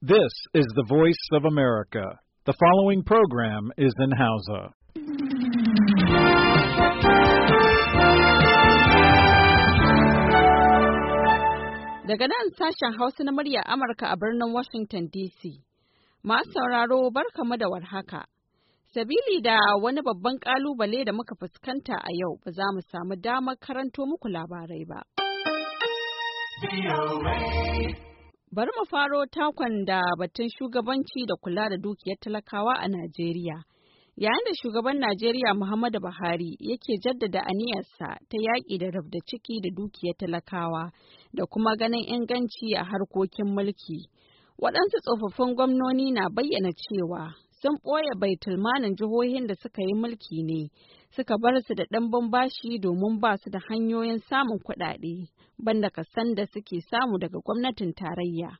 This is the voice of America. The following program is in Hausa. Daga nan sashen Hausa na murya Amurka a birnin Washington DC. Masu sauraro barkamu da warhaka. Sabili da wani babban kalubale da muka fuskanta a yau ba za mu samu damar karanto muku labarai ba. Bari mu faro takon da batun shugabanci da kula da dukiyar talakawa a Najeriya. Yayin da shugaban Najeriya Muhammadu Buhari yake jaddada aniyarsa ta yaƙi da rabda ciki da dukiyar talakawa da kuma ganin inganci a harkokin mulki. Waɗansu tsofaffin gwamnoni na bayyana cewa sun ɓoye bai baitulmanin jihohin da suka yi mulki ne suka bar su da ɗan bashi domin ba su da hanyoyin samun kuɗaɗe banda kasan da suke samu daga gwamnatin tarayya.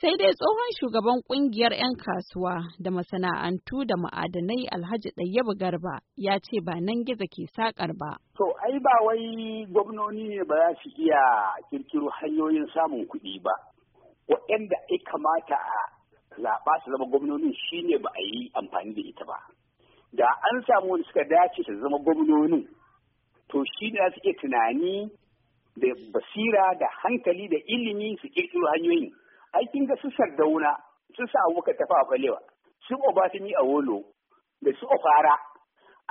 Sai dai tsohon shugaban ƙungiyar 'yan kasuwa da masana'antu da ma'adanai Alhaji Ɗayyabu Garba ya ce ba nan gizo ke sakar ba. To, ai ba wai gwamnoni ne ba za su iya kirkiro hanyoyin samun kuɗi ba. Waɗanda ai kamata a zaɓa su zama gwamnonin ne ba a yi amfani da ita ba da an samu wani suka dace su zama gwamnonin to shi ne su iya tunani da basira da hankali da ilimi su ƙirƙiro hanyoyin aikin ga su sardauna su sa abubakar tafa a kwalewa su a wolo da su ofara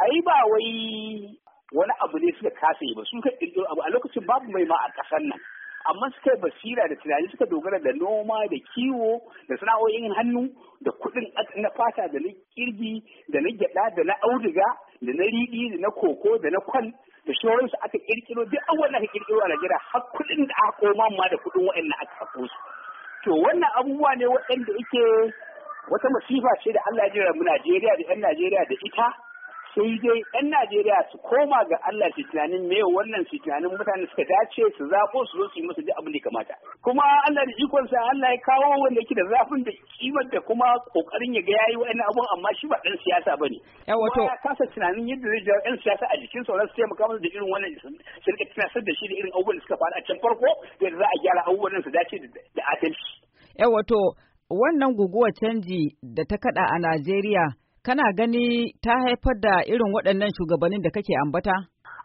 ai ba wai wani abu ne suka kasa yi ba su ka ƙirƙiro abu a lokacin babu mai ma a ƙasar nan amma suka yi basira da tunani suka dogara da noma da kiwo da sana'o'in hannu da kuɗin na fata da na kirgi da na gyada da na auduga da na riɗi da na koko da na kwan da shawararsu aka kirkiro duk abubuwan da aka kirkiro a Najeriya har kuɗin da aka koma ma da kuɗin waɗannan aka haƙo su. To wannan abubuwa ne waɗanda yake wata masifa ce da Allah ya jira mu Najeriya da 'yan Najeriya da ita sai dai 'yan Najeriya su koma ga Allah su tunanin me wannan su tunanin mutane suka dace su zaɓo su zo su yi musu duk abin da kamata kuma Allah da ikon sa Allah ya kawo wanda yake da zafin da kimar da kuma kokarin ya ga yayi wa'annan abun amma shi ba ɗan siyasa ba ne kuma to kasa tunanin yadda zai jawo 'yan siyasa a jikin sa su taimaka masa da irin wannan su rika tunasar da shi da irin abubuwan da suka faru a can farko yadda za a gyara abubuwan su dace da adalci Yawwa to wannan guguwar canji da ta kada a Najeriya kana gani ta haifar da irin waɗannan shugabannin da kake ambata?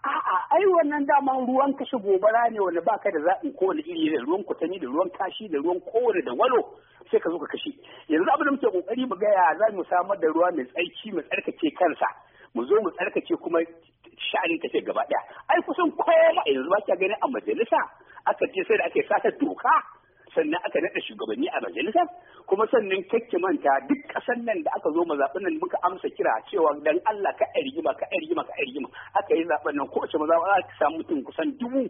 A'a, ai wannan daman ruwan kashe gobara ne wanda baka da zaɓin kowane iri da ruwan kwatanni da ruwan kashi da ruwan kowane da walo sai ka zo ka kashe. Yanzu abin da muke kokari mu gaya za mu samar da ruwa mai tsarki mu tsarkake kansa. Mu zo mu tsarkake kuma sha'anin tafiya gaba ɗaya. Ai kusan a yanzu ba ka gani a majalisa aka ce sai da ake sata doka sannan aka naɗa shugabanni a majalisa. kuma sannan kakki manta duk ƙasar nan da aka zo mazaɓin nan muka amsa kira cewa dan Allah ka ƴar rigima ka ƴar rigima ka ƴar rigima aka yi zaɓen nan kowace maza za ka samu mutum kusan dubu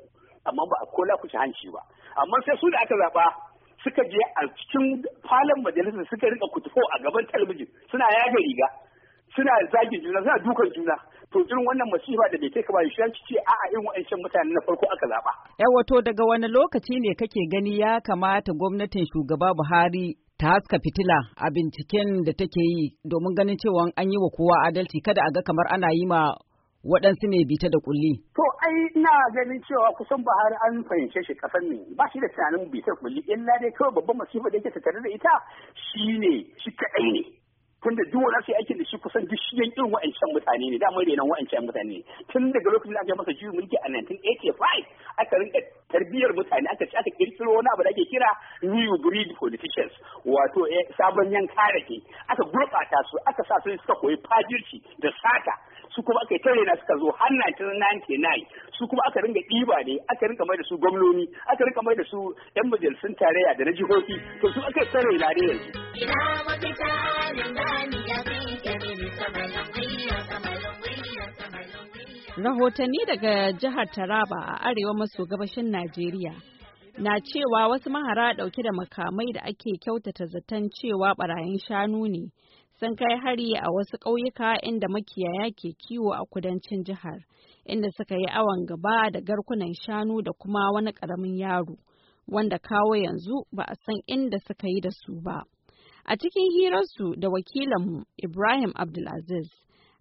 amma ba a kola kuce hanci ba amma sai su da aka zaɓa suka je a cikin falon majalisar suka rika kutufo a gaban talabijin suna yaga riga suna zagin juna suna dukan juna to irin wannan masifa da bai kai ka ba shi ce a'a irin wa'ancan mutane na farko aka zaba yawa daga wani lokaci ne kake gani ya kamata gwamnatin shugaba Buhari ta haska fitila a binciken da take yi domin ganin cewa an yi wa kowa adalci kada a ga kamar ana yi ma waɗansu ne bita da kulli. To ai ina ganin cewa kusan Buhari an fahimce shi kasan ne ba shi da tunanin bitar kulli illa dai kawai babban masifa da yake tattare da ita shine shi kaɗai ne. tunda duk wanda sai aikin da shi kusan duk shi irin wa'ancan mutane ne damar renon wa'ancan mutane ne tun daga lokacin da aka masa juyin mulki a 1985 aka rinka tarbiyyar mutane aka ci aka kirkiro wani abu da ake kira new breed politicians wato eh, sabon da ke aka gurɓata su aka sa su suka koyi fajirci da sata su kuma aka yi tare na suka zo har 1999 su kuma aka rinka ɗiba ne aka ringa mai da su gwamnoni aka ringa mai da su yan majalisun tarayya da na jihohi to su aka tare na ne yanzu. Ina mafita Rahotanni daga jihar Taraba a arewa maso gabashin Najeriya na cewa wasu mahara ɗauke da makamai da ake kyautata zaton cewa barayin shanu ne sun kai hari a wasu ƙauyuka inda makiyaya ke kiwo a kudancin jihar inda suka yi awon gaba da garkunan shanu da kuma wani ƙaramin yaro wanda kawo yanzu ba a san inda suka yi da su ba. A cikin hirarsu da wakilanmu Ibrahim Abdulaziz,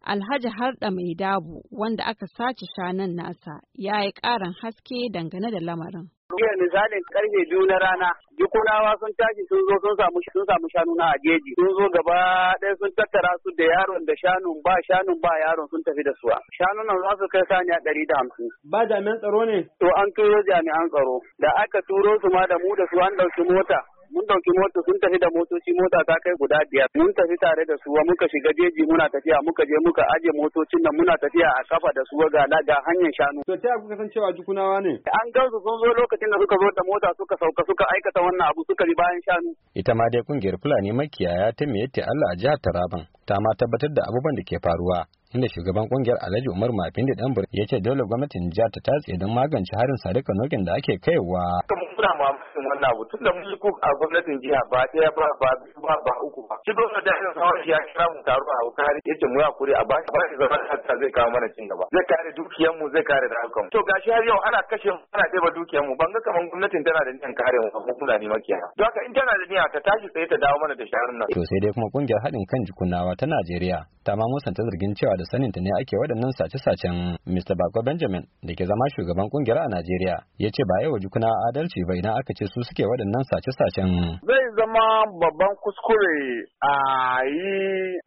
Alhaji Harda Mai Dabu wanda aka sace shanan nasa ya yi ƙarin haske dangane da lamarin. Jiya misalin karfe biyu na rana, jikunawa sun tashi sun zo sun samu shanu na a jeji. Sun zo gaba ɗaya sun tattara su da yaron da shanun ba shanun ba yaron sun tafi da suwa. Shanun nan za su kai saniya ɗari da hamsin. Ba jami'an tsaro ne? To an turo jami'an tsaro. Da aka turo su ma da mu da su an ɗauki mota. mun dauki mota sun tafi da motoci mota ta kai guda biyar mun tafi tare da su muka shiga jeji muna tafiya muka je muka aje motocin nan muna tafiya a kafa da su ga ga hanyar shanu to ta kuka san cewa jukunawa ne an gansu sun zo lokacin da suka zo da mota suka sauka suka aikata wannan abu suka bi bayan shanu ita ma dai kungiyar Fulani makiyaya ta yatti Allah a jihar Taraban ta ma tabbatar da abubuwan da ke faruwa inda shugaban kungiyar Alhaji Umar Mafindi Danbur ya ce dole gwamnatin jihar ta tatse don magance harin Sadika Nogin da ake kaiwa. Muna mamakin wannan abu tun da mun yi kuka a gwamnatin jiha ba ɗaya ba ba biyu ba ba uku ba. Shi dole da irin kawai ya kira mu taro a Bukari ya ce mu yi kuri a bashi bashi zaman lafiya zai kawo mana cin gaba. Zai kare dukiyar mu zai kare rayukan mu. To gashi har yau ana kashe mu ana ɗeba dukiyar mu ban ga kamar gwamnatin tana da niyan kare mu amma kuna ne makiyaya. Don haka in tana da niyya ta tashi tsaye ta dawo mana da shaharun nan. To sai dai kuma kungiyar haɗin kan jikunawa ta Najeriya ta ma musanta zargin cewa da saninta ne ake waɗannan sace-sacen Mr. Bako Benjamin da ke zama shugaban kungiyar a Najeriya ya ce ba yawa jikuna adalci ba idan aka ce su suke waɗannan sace-sacen. Zai zama babban kuskure a yi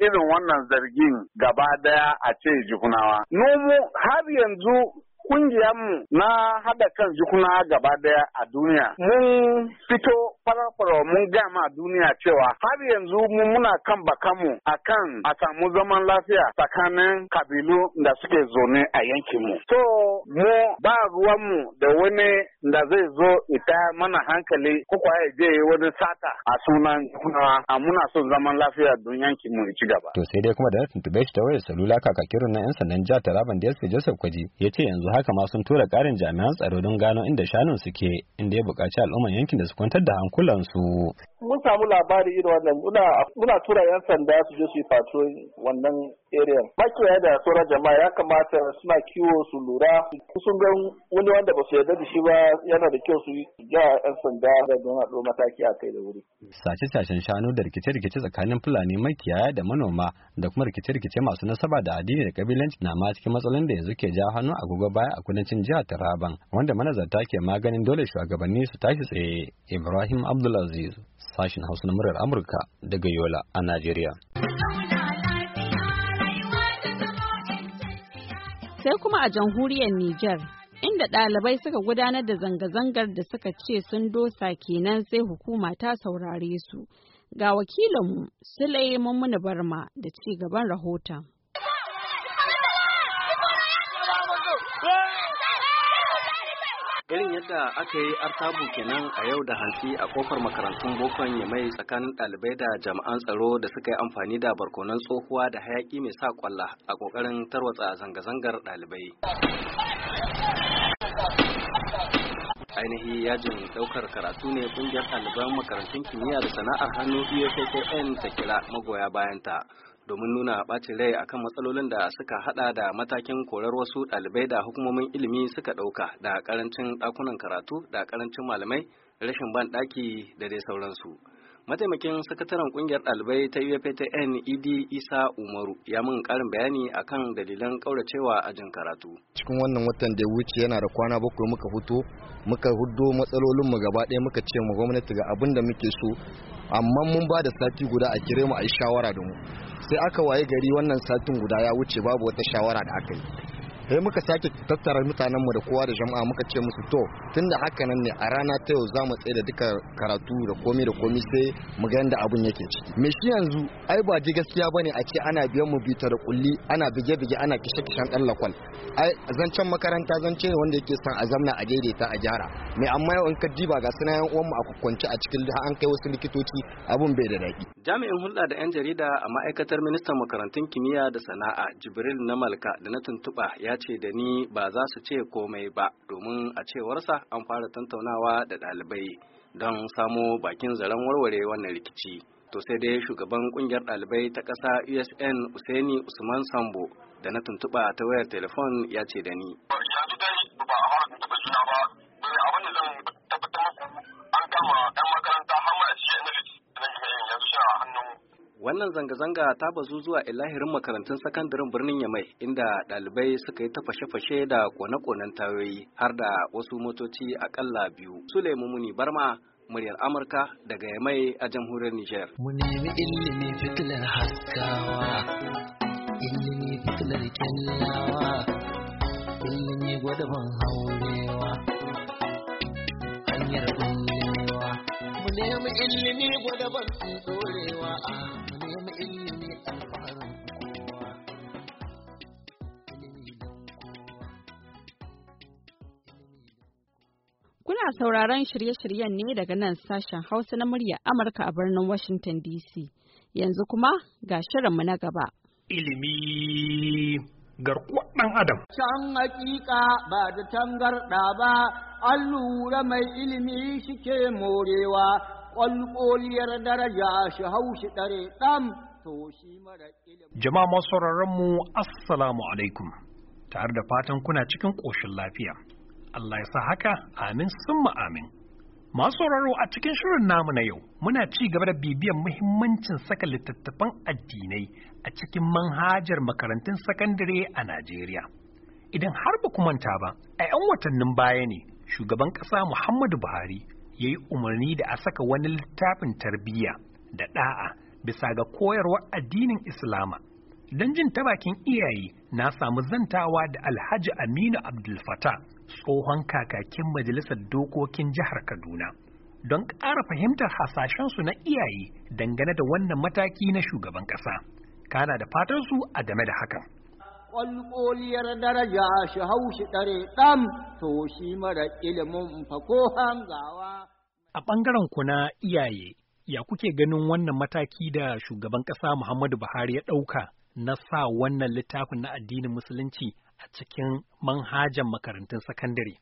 irin wannan zargin gaba daya a ce jikunawa. Numu har yanzu mu na hada kan jikuna gaba daya a duniya mun fito farafara mun gama duniya cewa har yanzu mu muna kan bakanmu a kan a samu zaman lafiya tsakanin kabilu da suke zone a yankinmu. So mu ba ruwanmu da wani da zai zo ita mana hankali ko kuwa je wani sata a sunan jikuna a muna son zaman lafiya don yankinmu ya ci gaba. To sai dai kuma da na tuntube shi ta wayar salula kakakirin na 'yan sandan jihar Taraban da ya Joseph Kwaji ya ce yanzu haka ma sun tura karin jami'an tsaro don gano inda shanun suke inda ya buƙaci al'umman yankin da su kwantar da hankulansu. Mun samu labari irin wannan muna tura 'yan sanda su je su yi wannan area makiyaya da sauran jama'a ya kamata suna kiwo su lura sun ga wani wanda ba su yarda da shi ba yana da kyau su ga yan sanda da don haɗo mataki a kai da wuri sace sashen shanu da rikice-rikice tsakanin fulani makiyaya da manoma da kuma rikice-rikice masu nasaba da addini da kabilanci na ma cikin matsalolin da yanzu ke ja hannu a gogo baya a kudancin jihar Taraban wanda manazarta ke maganin dole shugabanni su tashi tsaye Ibrahim Abdulaziz sashen Hausa na murar Amurka daga Yola a Najeriya. Sai kuma a jamhuriyar Nijar, inda ɗalibai suka gudanar da zanga-zangar da suka ce sun dosa kenan sai hukuma ta saurare su. Ga wakilinmu Sule Mummuna Barma da ci gaban rahoton. irin yadda aka yi artabu kenan a yau da hantsi a kofar makarantun bokon ya mai tsakanin ɗalibai da jami'an tsaro da suka yi amfani da barkonan tsohuwa da hayaki mai sa kwalla a ƙoƙarin tarwatsa zanga-zangar ɗalibai ainihi yajin daukar karatu ne kungiyar ɗaliban makarantun kimiyya da sana'ar hannu EFKN ta kira magoya bayanta domin nuna bacin rai akan matsalolin da suka hada da matakin korar wasu ɗalibai da hukumomin ilimi suka ɗauka da karancin ɗakunan karatu da karancin malamai rashin ban daki da dai sauransu. Mataimakin sakataren ƙungiyar ɗalibai ta UFTN ED Isa Umaru ya mun karin bayani akan dalilan kauracewa a jin karatu. Cikin wannan watan da wuce yana da kwana bakwai muka fito muka hudo matsalolin mu gaba ɗaya muka ce mu gwamnati ga abin da muke so amma mun ba da sati guda a kire mu a yi shawara da mu. sai aka waye gari wannan satin guda ya wuce babu wata shawara da aka yi sai muka sake tattara mu da kowa da jama'a muka ce musu to tun da haka nan ne a rana ta yau za mu tsaye da duka karatu da komai da komai sai mu ga da abun yake ciki me shi yanzu ai ba ji gaskiya bane a ce ana biyan mu bita da kulli ana bige bige ana kishe kishen dan lakwal ai zancen makaranta zance ne wanda yake son a zamna a daidaita a gyara me amma yau in ka diba ga suna yan uwan mu a kwakwance a cikin an kai wasu likitoci abun bai da daɗi jami'in hulɗa da yan jarida a ma'aikatar ministan makarantun kimiyya da sana'a jibril na malka da na tuntuba ya ya ce da ni ba za su ce komai ba domin a cewarsa an fara tantaunawa da ɗalibai don samo bakin zaren warware wannan rikici to sai dai shugaban kungiyar ɗalibai ta ƙasa usn usaini usman sambo da na tuntuɓa ta wayar telefon ya ce da ni Wannan zanga-zanga ta bazu zuwa ilahirin makarantun sakandaren birnin Yamai inda ɗalibai suka yi ta fashe-fashe da kone-konen tayoyi har da wasu motoci akalla biyu. Sule Mumuni Barma muryar Amurka daga Yamai a jamhuriyar Nijar. Mu nemi ilimi fitilar haskawa, ilimi fitilar kyallawa, ilimi gwada ban haurewa, hanyar kullewa. Mu nemi ilimi gwada ban Kuna sauraron shirye-shiryen ne daga nan sashen Hausa na murya Amurka a birnin Washington DC. Yanzu kuma ga shirinmu na gaba. Ilimi garkuwar ɗan Adam. Can hakika ba da tangarɗa ba, an lura mai ilimi shike morewa, ƙwalƙoliyar daraja shi haushi ɗare ɗan, to shi mara ilimi. Jama'a masu mu Assalamu alaikum, tare da fatan kuna cikin ƙoshin lafiya. Allah ya sa haka amin summa amin. Masu sauraro a cikin shirin namu na yau muna ci gaba da bibiyan muhimmancin saka littattafan addinai a cikin manhajar makarantun sakandare a Najeriya. Idan har ba manta ba, a 'yan watannin baya ne shugaban ƙasa Muhammadu Buhari ya yi umarni da a saka wani littafin tarbiyya da ɗa'a bisa ga koyarwar addinin Islama. Don jin ta bakin iyaye na samu zantawa da alhaji aminu abdulfata tsohon kakakin majalisar dokokin jihar kaduna don ƙara fahimtar hasashensu na iyaye dangane da wannan mataki na shugaban ƙasa kana da fatansu a game da hakan ƙwalƙoliyar daraja shi haushi ɗare ɗam to shi mara ilimin fako hangawa a ɓangaren ku na iyaye ya kuke ganin wannan mataki da shugaban ƙasa muhammadu buhari ya ɗauka na sa wannan littafin na addinin musulunci a cikin manhajan makarantun sakandare?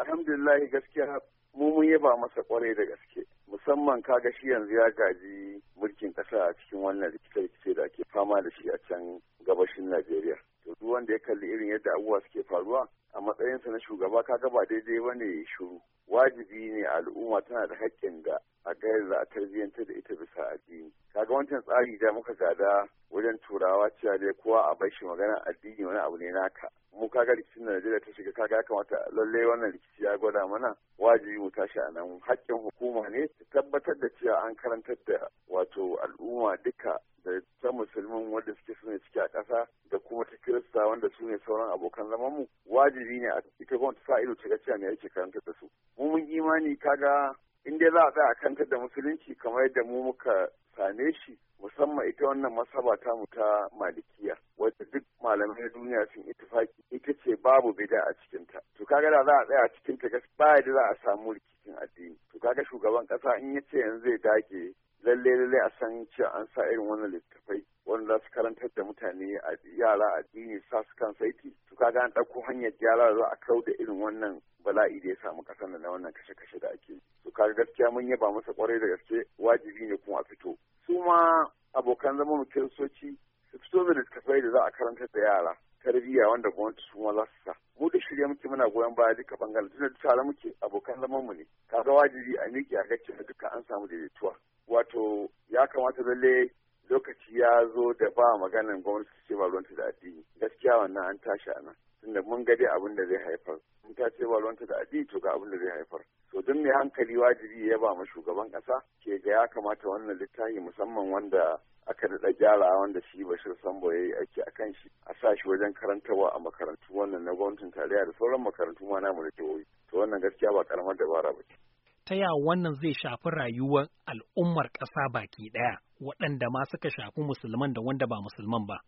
Alhamdulillah gaskiya mu mun yaba masa kwarai da gaske musamman kaga shi yanzu ya gaji mulkin kasa a cikin wannan rikice-rikice da ake fama da shi a can gabashin Najeriya. To duk wanda ya kalli irin yadda abubuwa suke faruwa a matsayinsa na shugaba kaga ba daidai ba ne shuru. Wajibi ne al'umma tana da haƙƙin da a gayar za a tarbiyyantar da ita bisa addini kaga wancan tsari da muka gada wajen turawa cewa dai kowa a bai shi magana addini wani abu ne naka mu kaga rikicin da Najeriya ta shiga kaga ya kamata lallai wannan rikici ya gwada mana wajibi mu tashi a nan haƙƙin hukuma ne ta tabbatar da cewa an karantar da wato al'umma duka da ta musulmin wanda suke su ne suke a ƙasa da kuma ta kirista wanda su ne sauran abokan zaman mu wajibi ne a ita gwamnati sa ido ta ga cewa me yake karantar da su mu mun imani kaga in dai za a tsaya a kantar da musulunci kamar yadda mu muka same shi musamman ita wannan masaba ta mu ta malikiya wadda duk malamai na duniya sun itifaki ita ce babu bida a cikinta to kaga da za a tsaya a cikin ta ba da za a samu rikicin addini to kaga shugaban kasa in ya ce yanzu zai dage lalle lalle a san cewa an sa irin wannan littafai wanda za su karantar da mutane a yara addini sa su kan saiti su kaga an ɗauko hanyar gyara za a kau da irin wannan bala'i da ya samu ƙasar na wannan kashe-kashe da ake su kaga gaskiya mun yaba masa kwarai da gaske wajibi ne kuma a fito su ma abokan zama mu kiristoci su fito da littattafai da za a karantar da yara tarbiyya wanda gwamnati su ma za su sa mu da shirya muke muna goyon baya duka bangaren tunda tare muke abokan zaman mu ne kaga wajibi a miƙe a gacce duka an samu daidaituwa wato ya kamata lalle lokaci ya zo da ba maganin gwamnati ta ce ba ruwanta da addini gaskiya wannan an tashi a nan tunda mun ga dai abin da zai haifar mun ta ce ba ruwanta da addini to ga abin da zai haifar to duk mai hankali wajibi ya ba ma shugaban kasa ke ga ya kamata wannan littafi musamman wanda aka daɗa gyara wanda shi bashir sambo ya yi aiki a kan shi a sa shi wajen karantarwa a makarantu wannan na gwamnatin tarayya da sauran makarantu ma namu da jihohi to wannan gaskiya ba karamar dabara ba ce ta ya wannan zai shafi rayuwar al'ummar ƙasa baki ɗaya waɗanda ma suka shafi musulman da wanda ba musulman ba.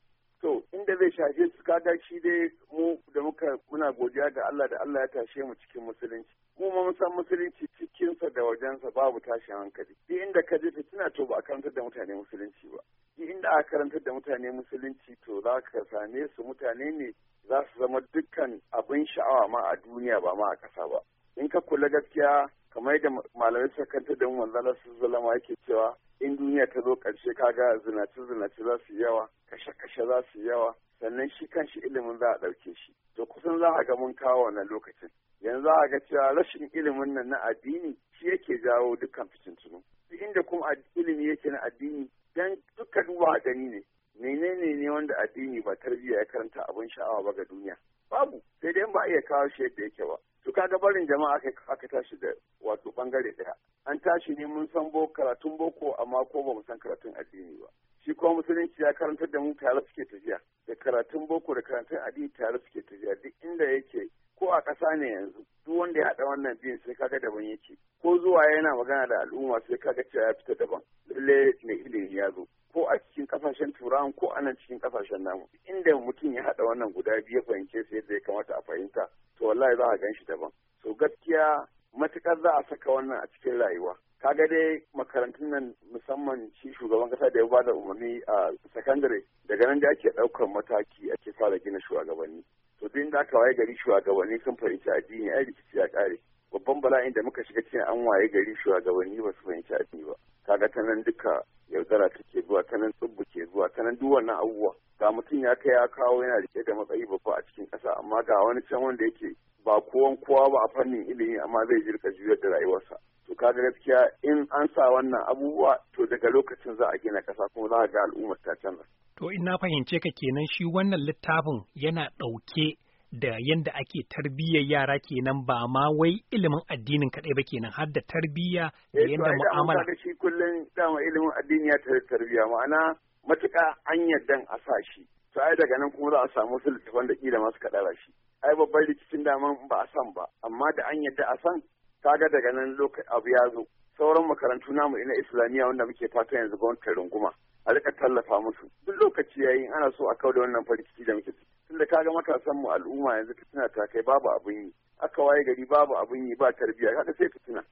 To, inda zai shafe su kada shi dai mu da muka muna godiya ga Allah da Allah ya tashe mu cikin musulunci. Mu ma mun san musulunci cikinsa da wajensa babu tashin hankali. Duk inda ka je tuna to ba a karantar da mutane musulunci ba. Duk inda aka karantar da mutane musulunci to za ka same su mutane ne za su zama dukkan abin sha'awa ma a duniya ba ma a ƙasa ba. in ka kula gaskiya kamar yadda malamai suka kanta da manzala su zalama yake cewa in duniya ta zo ƙarshe kaga zinace zinace za su yawa kashe kashe za su yawa sannan shi kan shi ilimin za a ɗauke shi to kusan za a ga mun kawo wannan lokacin yanzu za a ga cewa rashin ilimin nan na addini shi yake jawo dukkan fitintunu inda kuma ilimi yake na addini dan duka duba gani ne menene ne wanda addini ba tarbiyya ya karanta abin sha'awa ba ga duniya babu sai dai ba iya kawo shi yadda yake ba to kaga barin jama'a aka aka tashi da wato bangare daya an tashi ne mun san bo karatun boko amma ko ba mu san karatun addini ba shi kuma musulunci ya karantar da mu tare suke tafiya da karatun boko da karatun addini tare suke tafiya duk inda yake ko a ƙasa ne yanzu duk wanda ya haɗa wannan biyun sai kaga daban yake ko zuwa yana magana da al'umma sai kaga cewa ya fita daban lalle mai ilimi ya zo ko a cikin kasashen turawan ko a nan cikin kasashen namu inda mutum ya haɗa wannan guda biyu fahimce sai yadda ya kamata a fahimta to wallahi za a gan shi daban so gaskiya matukar za a saka wannan a cikin rayuwa kaga dai makarantun nan musamman shi shugaban kasa da ya bada umarni a sakandare daga nan da ake ɗaukar mataki ake fara gina shugabanni to duk inda aka waye gari shugabanni sun fahimci addini ai rikici ya ƙare babban bala'in da muka shiga cikin an waye gari shugabanni ba su fahimci addini ba kaga ta nan duka yaudara take zuwa ta nan tsubbu ke zuwa ta nan duk wannan abubuwa ga mutum ya kai ya kawo yana rike da matsayi babba a cikin ƙasa amma ga wani can wanda yake ba kowan kowa ba a fannin ilimi amma zai jirka juyar da rayuwarsa to kaga gaskiya in an sa wannan abubuwa to daga lokacin za a gina ƙasa kuma za a ga al'ummar ta canza to in na fahimce ka kenan shi wannan littafin yana ɗauke da yadda ake tarbiyyar yara kenan ba ma wai ilimin addinin kaɗai ba kenan har da tarbiyya da eh, yadda mu'amala. da shi kullum dama ilimin addini ya tare tarbiyya ma'ana matuƙa an yadda a sa shi. To ai daga nan kuma za a samu wasu littafan da ƙila masu kaɗara shi. Ai babban rikicin daman ba a san ba amma da an yadda a san kaga daga nan lokacin abu ya zo. Sauran makarantu namu ina Islamiyya wanda muke fata yanzu gwamnatin runguma. a rika tallafa musu duk lokaci yayi ana so a kawo da wannan farki da muke ciki tunda ka matasan mu al'umma yanzu fitina ta kai babu abin yi aka waye gari babu abin yi ba tarbiyya kaga sai fitina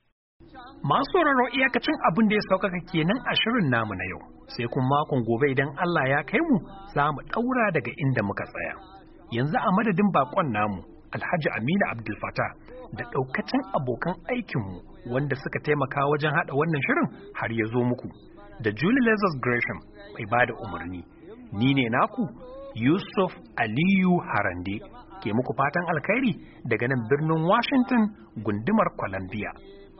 Masu sauraro iyakacin abin da ya sauƙaƙa kenan a shirin namu na yau, sai kuma makon gobe idan Allah ya kai mu za mu ɗaura daga inda muka tsaya. Yanzu a madadin baƙon namu, Alhaji Aminu Abdulfata da ɗaukacin abokan aikinmu wanda suka taimaka wajen haɗa wannan shirin har ya zo muku, da Julie Lazarus Gresham mai ba da umarni. Ni ne naku Yusuf Aliyu Harande ke muku fatan alkhairi daga nan birnin Washington gundumar Columbia.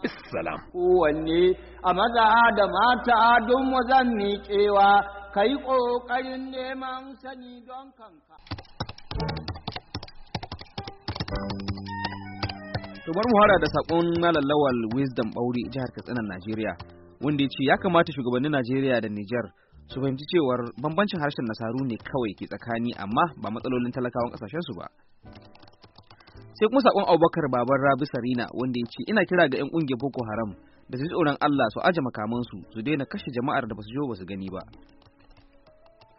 Issalam. Kowanne a maza da mata don wazan miƙewa ka yi ƙoƙarin neman sani don kanka. Tubar muhara da saƙon na lallawal Wisdom Bauri jihar Katsina Najeriya wanda ya ce ya kamata shugabannin Najeriya da Nijar su fahimci cewar bambancin harshen nasaru ne kawai ke tsakani amma ba matsalolin talakawan ƙasashensu ba sai kuma sakon abubakar Babar rabi sarina wanda ya ce ina kira ga 'yan ƙungiyar boko haram da su ji tsoron allah su aje makamansu su daina kashe jama'ar da basu zo jo ba su gani ba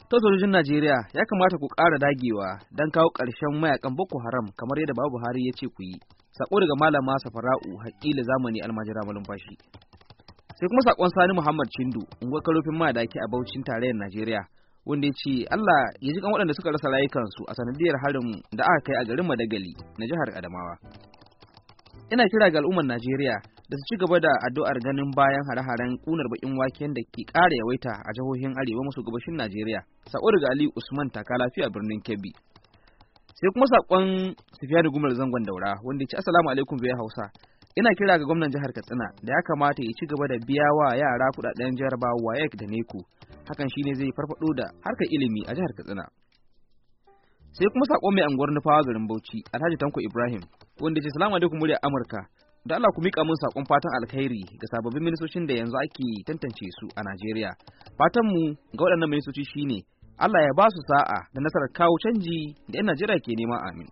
ta sojojin najeriya ya kamata ku ƙara dagewa don kawo ƙarshen mayakan boko haram kamar yadda babu buhari ya ce ku yi sako daga malama safara'u haƙƙila zamani almajira malumfashi sai kuma sakon sani muhammad chindu unguwar karofin madaki a baucin tarayyar najeriya wanda ya ce allah ya ji kan waɗanda suka rasa rayukansu a sanadiyar harin da aka kai a garin madagali na jihar adamawa ina kira ga al'ummar najeriya da su ci gaba da addu'ar ganin bayan hare-haren kunar bakin waken da ke ƙara yawaita a jihohin arewa maso gabashin najeriya sa'o daga ali usman taka lafiya birnin kebbi sai kuma sakon da gumar zangon daura wanda ya ce assalamu alaikum bai hausa ina kira ga gwamnan jihar katsina da ya kamata ya ci gaba da biya wa yara kudaden jarabawa wayek da neku hakan shine zai farfado da harkar ilimi a jihar katsina sai kuma sakon mai anguwar nufawa garin bauchi alhaji tanko ibrahim wanda ce salamu alaikum murya amurka da Allah ku mika mun sakon fatan alkhairi ga sababbin ministocin da yanzu ake tantance su a Najeriya. Fatan mu ga waɗannan ministoci shine Allah ya ba su sa'a da nasarar kawo canji da 'yan Najeriya ke nema amin.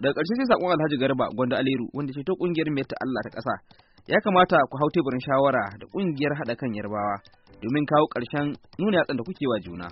daga ƙarshe sai sakon Alhaji Garba Gwanda Aliru wanda ce ta kungiyar mai ta Allah ta ƙasa ya kamata ku hau teburin shawara da ƙungiyar haɗa kan Yarbawa domin kawo ƙarshen nuna yatsan da kuke wa juna